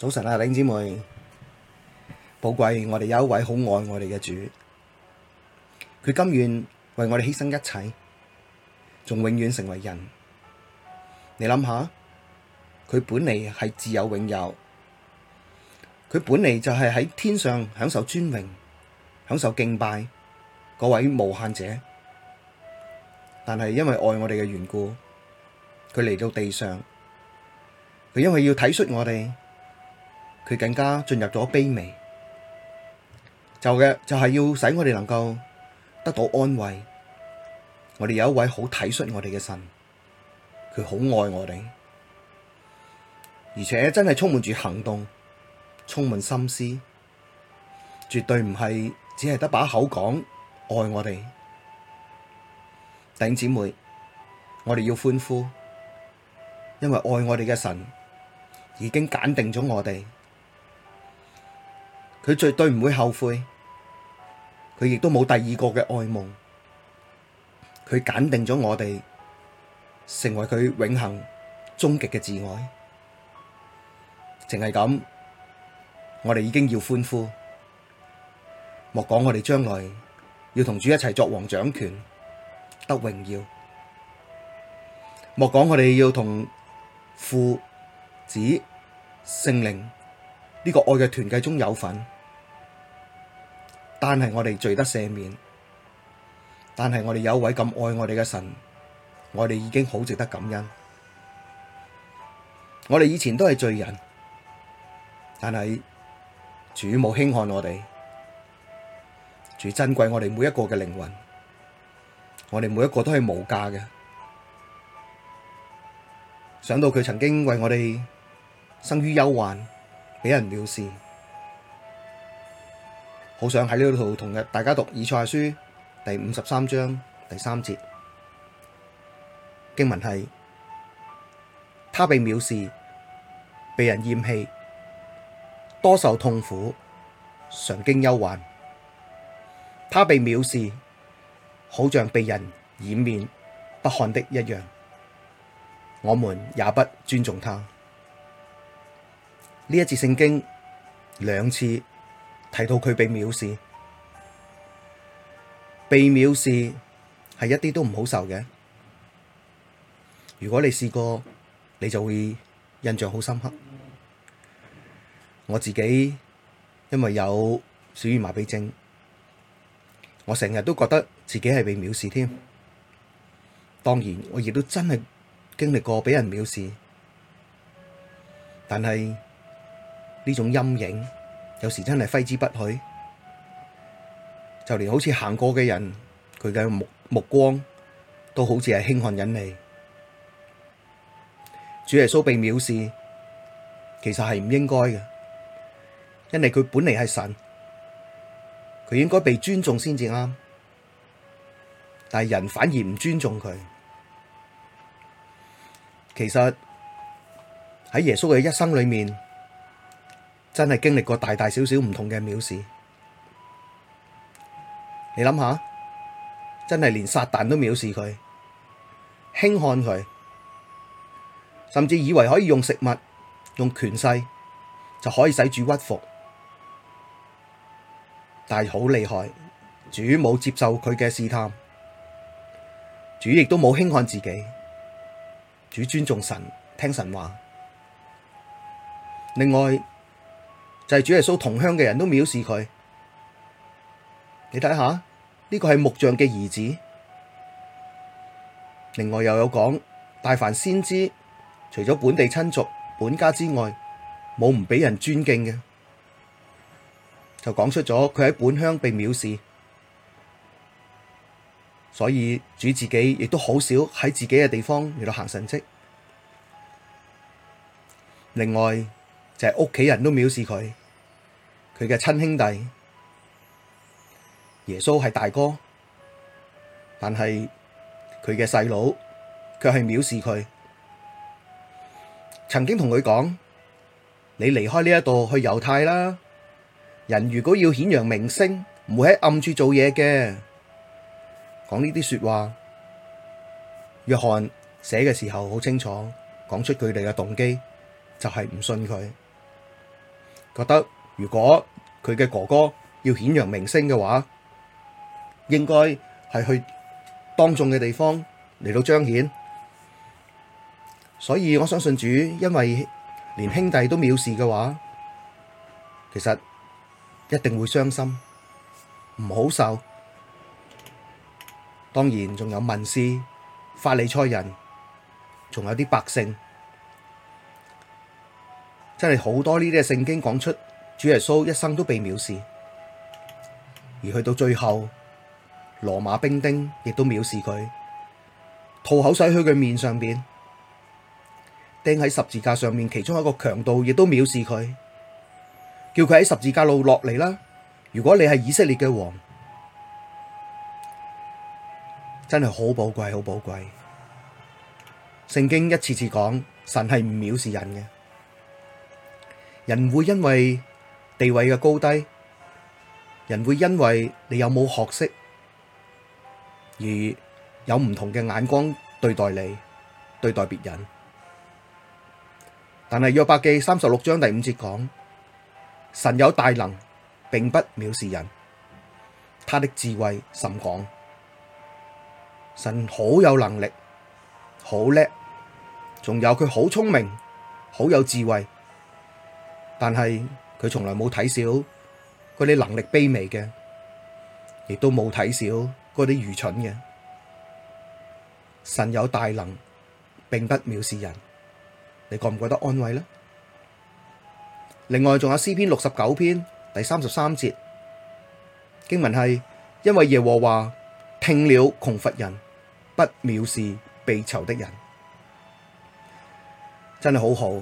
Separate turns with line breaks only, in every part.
早晨啊，弟兄姊妹，寶貴我哋有一位好愛我哋嘅主，佢甘願為我哋犧牲一切，仲永遠成為人。你諗下，佢本嚟係自有永有，佢本嚟就係喺天上享受尊榮、享受敬拜嗰位無限者，但係因為愛我哋嘅緣故，佢嚟到地上，佢因為要體恤我哋。佢更加進入咗卑微，就嘅就係要使我哋能夠得到安慰。我哋有一位好體恤我哋嘅神，佢好愛我哋，而且真係充滿住行動，充滿心思，絕對唔係只係得把口講愛我哋。弟兄姊妹，我哋要歡呼，因為愛我哋嘅神已經揀定咗我哋。佢絕對唔會後悔，佢亦都冇第二個嘅愛慕，佢揀定咗我哋，成為佢永恆終極嘅摯愛，淨係咁，我哋已經要歡呼。莫講我哋將來要同主一齊作王掌權得榮耀，莫講我哋要同父子聖靈呢、這個愛嘅團契中有份。但係我哋罪得赦免，但係我哋有位咁愛我哋嘅神，我哋已經好值得感恩。我哋以前都係罪人，但係主冇輕看我哋，主珍貴我哋每一個嘅靈魂，我哋每一個都係無價嘅。想到佢曾經為我哋生於憂患，畀人藐視。好想喺呢度同大家讀以賽亞書第五十三章第三節經文係：他被藐視，被人厭棄，多受痛苦，常經憂患。他被藐視，好像被人掩面不看的一樣，我們也不尊重他。呢一節聖經兩次，提到佢被藐視，被藐視係一啲都唔好受嘅。如果你試過，你就會印象好深刻。我自己因為有小兒麻痹症，我成日都覺得自己係被藐視添。當然，我亦都真係經歷過俾人藐視，但係呢種陰影。有時真係揮之不去，就連好似行過嘅人，佢嘅目目光都好似係輕汗引嚟。主耶穌被藐視，其實係唔應該嘅，因為佢本嚟係神，佢應該被尊重先至啱，但係人反而唔尊重佢。其實喺耶穌嘅一生裏面。真係經歷過大大小小唔同嘅藐視，你諗下，真係連撒旦都藐視佢，輕看佢，甚至以為可以用食物、用權勢就可以使主屈服。但係好厲害，主冇接受佢嘅試探，主亦都冇輕看自己，主尊重神，聽神話。另外。就係主耶穌同鄉嘅人都藐視佢，你睇下，呢個係木匠嘅兒子。另外又有講，大凡先知除咗本地親族、本家之外，冇唔俾人尊敬嘅，就講出咗佢喺本鄉被藐視。所以主自己亦都好少喺自己嘅地方嚟到行神蹟。另外就係屋企人都藐視佢。佢嘅親兄弟耶穌係大哥，但係佢嘅細佬卻係藐視佢。曾經同佢講：你離開呢一度去猶太啦！人如果要顯揚名聲，唔會喺暗處做嘢嘅。講呢啲說話，約翰寫嘅時候好清楚，講出佢哋嘅動機，就係、是、唔信佢，覺得。如果佢嘅哥哥要顯揚名聲嘅話，應該係去當眾嘅地方嚟到彰顯。所以我相信主，因為連兄弟都藐視嘅話，其實一定會傷心，唔好受。當然仲有文士、法利賽人，仲有啲百姓，真係好多呢啲嘅聖經講出。主耶穌一生都被藐視，而去到最後，羅馬兵丁亦都藐視佢，吐口水去佢面上邊，釘喺十字架上面。其中一個強盜，亦都藐視佢，叫佢喺十字架度落嚟啦。如果你係以色列嘅王，真係好寶貴，好寶貴。聖經一次次講，神係唔藐視人嘅，人會因為。地位嘅高低，人會因為你有冇學識而有唔同嘅眼光對待你、對待別人。但係約伯記三十六章第五節講：神有大能，並不藐視人，他的智慧甚廣。神好有能力，好叻，仲有佢好聰明，好有智慧，但係。佢從來冇睇少嗰啲能力卑微嘅，亦都冇睇少嗰啲愚蠢嘅。神有大能，並不藐視人。你覺唔覺得安慰呢？另外仲有詩篇六十九篇第三十三節經文係：因為耶和華聽了窮乏人，不藐視被囚的人。真係好好，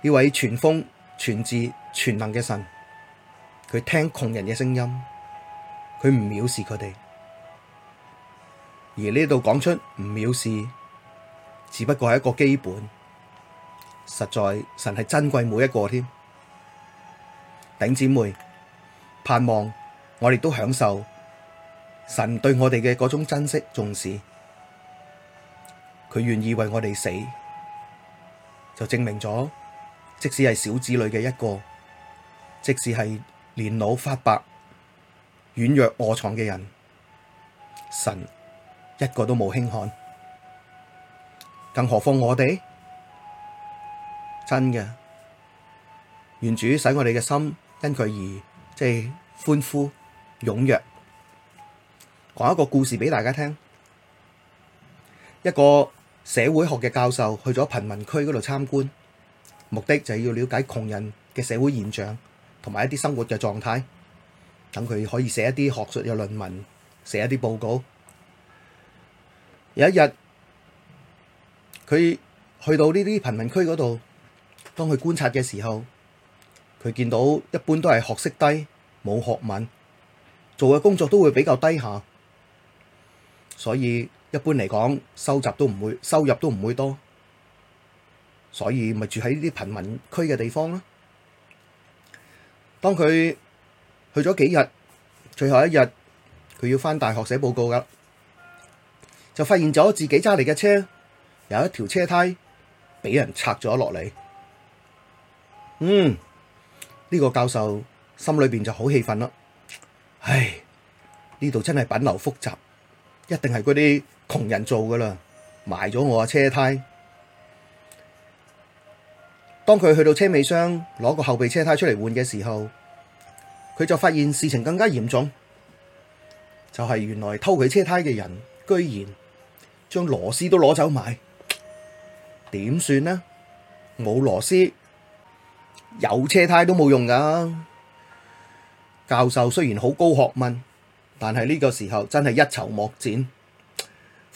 呢位傳風。全智全能嘅神，佢聽窮人嘅聲音，佢唔藐視佢哋。而呢度講出唔藐視，只不過係一個基本。實在神係珍貴每一個添。頂姊妹盼望我哋都享受神對我哋嘅嗰種珍惜重視。佢願意為我哋死，就證明咗。即使係小子女嘅一個，即使係年老發白、軟弱卧床嘅人，神一個都冇輕看，更何況我哋？真嘅，願主使我哋嘅心因佢而即係歡呼踊躍。講一個故事俾大家聽，一個社會學嘅教授去咗貧民區嗰度參觀。目的就係要了解窮人嘅社會現象，同埋一啲生活嘅狀態，等佢可以寫一啲學術嘅論文，寫一啲報告。有一日，佢去到呢啲貧民區嗰度，當佢觀察嘅時候，佢見到一般都係學識低，冇學問，做嘅工作都會比較低下，所以一般嚟講，收集都唔會，收入都唔會多。所以咪住喺呢啲貧民區嘅地方囉。當佢去咗幾日，最後一日佢要返大學寫報告噶，就發現咗自己揸嚟嘅車有一條車胎俾人拆咗落嚟。嗯，呢個教授心裏邊就好氣憤啦。唉，呢度真係品流複雜，一定係嗰啲窮人做噶啦，埋咗我嘅車胎。當佢去到車尾箱攞個後備車胎出嚟換嘅時候，佢就發現事情更加嚴重，就係原來偷佢車胎嘅人居然將螺絲都攞走埋，點算呢？冇螺絲，有車胎都冇用噶。教授雖然好高學問，但係呢個時候真係一籌莫展，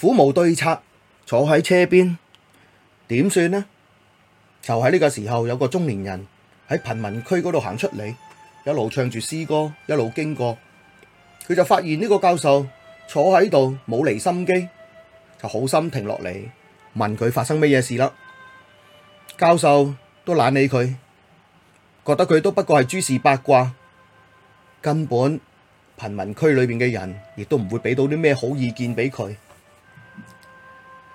苦無對策，坐喺車邊，點算呢？就喺呢個時候，有個中年人喺貧民區嗰度行出嚟，一路唱住詩歌，一路經過，佢就發現呢個教授坐喺度冇離心機，就好心停落嚟問佢發生咩嘢事啦。教授都懶理佢，覺得佢都不過係諸事八卦，根本貧民區裏面嘅人亦都唔會俾到啲咩好意見俾佢。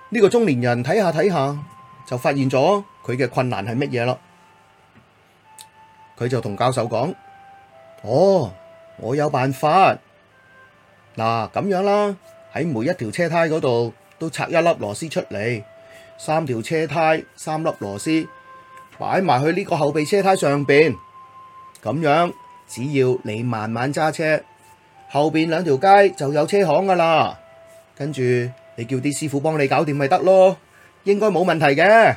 呢個中年人睇下睇下。就發現咗佢嘅困難係乜嘢咯。佢就同教授講，哦，我有辦法。嗱，咁樣啦，喺每一條車胎嗰度都拆一粒螺絲出嚟，三條車胎三粒螺絲，擺埋去呢個後備車胎上邊。咁樣，只要你慢慢揸車，後邊兩條街就有車行噶啦。跟住你叫啲師傅幫你搞掂咪得咯。應該冇問題嘅。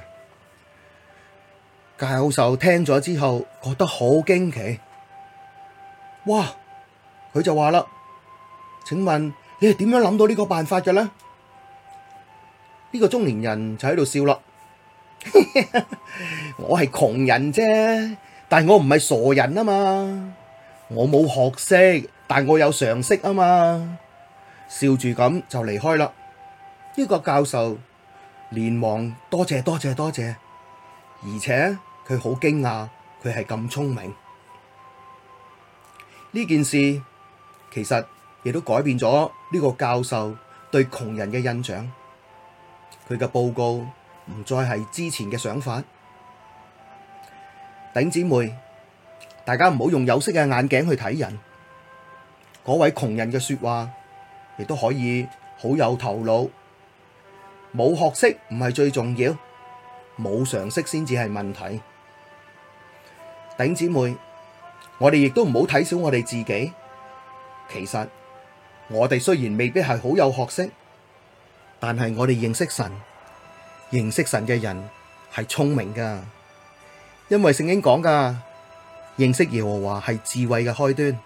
教授聽咗之後覺得好驚奇，哇！佢就話啦：請問你係點樣諗到呢個辦法嘅呢？呢個中年人就喺度笑啦， 我係窮人啫，但我唔係傻人啊嘛，我冇學識，但我有常識啊嘛，笑住咁就離開啦。呢個教授。連忙多謝多謝多謝，而且佢好驚訝，佢係咁聰明。呢件事其實亦都改變咗呢個教授對窮人嘅印象。佢嘅報告唔再係之前嘅想法。頂姊妹，大家唔好用有色嘅眼鏡去睇人。嗰位窮人嘅說話亦都可以好有頭腦。冇學識唔係最重要，冇常識先至係問題。頂姊妹，我哋亦都唔好睇小我哋自己。其實我哋雖然未必係好有學識，但係我哋認識神，認識神嘅人係聰明噶。因為聖經講噶，認識耶和華係智慧嘅開端，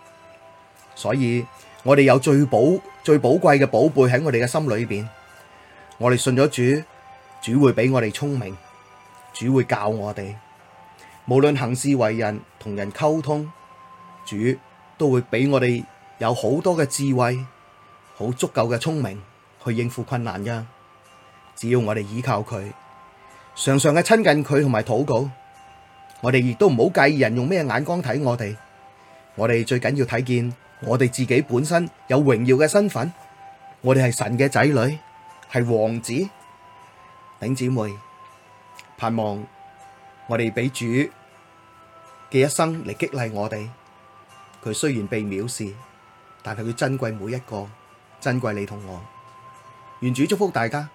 所以我哋有最寶最寶貴嘅寶貝喺我哋嘅心裏邊。我哋信咗主，主會俾我哋聰明，主會教我哋，無論行事為人同人溝通，主都會俾我哋有好多嘅智慧，好足夠嘅聰明去應付困難噶。只要我哋依靠佢，常常嘅親近佢同埋禱告，我哋亦都唔好介意人用咩眼光睇我哋。我哋最緊要睇見我哋自己本身有榮耀嘅身份，我哋係神嘅仔女。係王子，頂姊妹，盼望我哋俾主嘅一生嚟激勵我哋。佢雖然被藐視，但係佢珍貴每一個，珍貴你同我。願主祝福大家。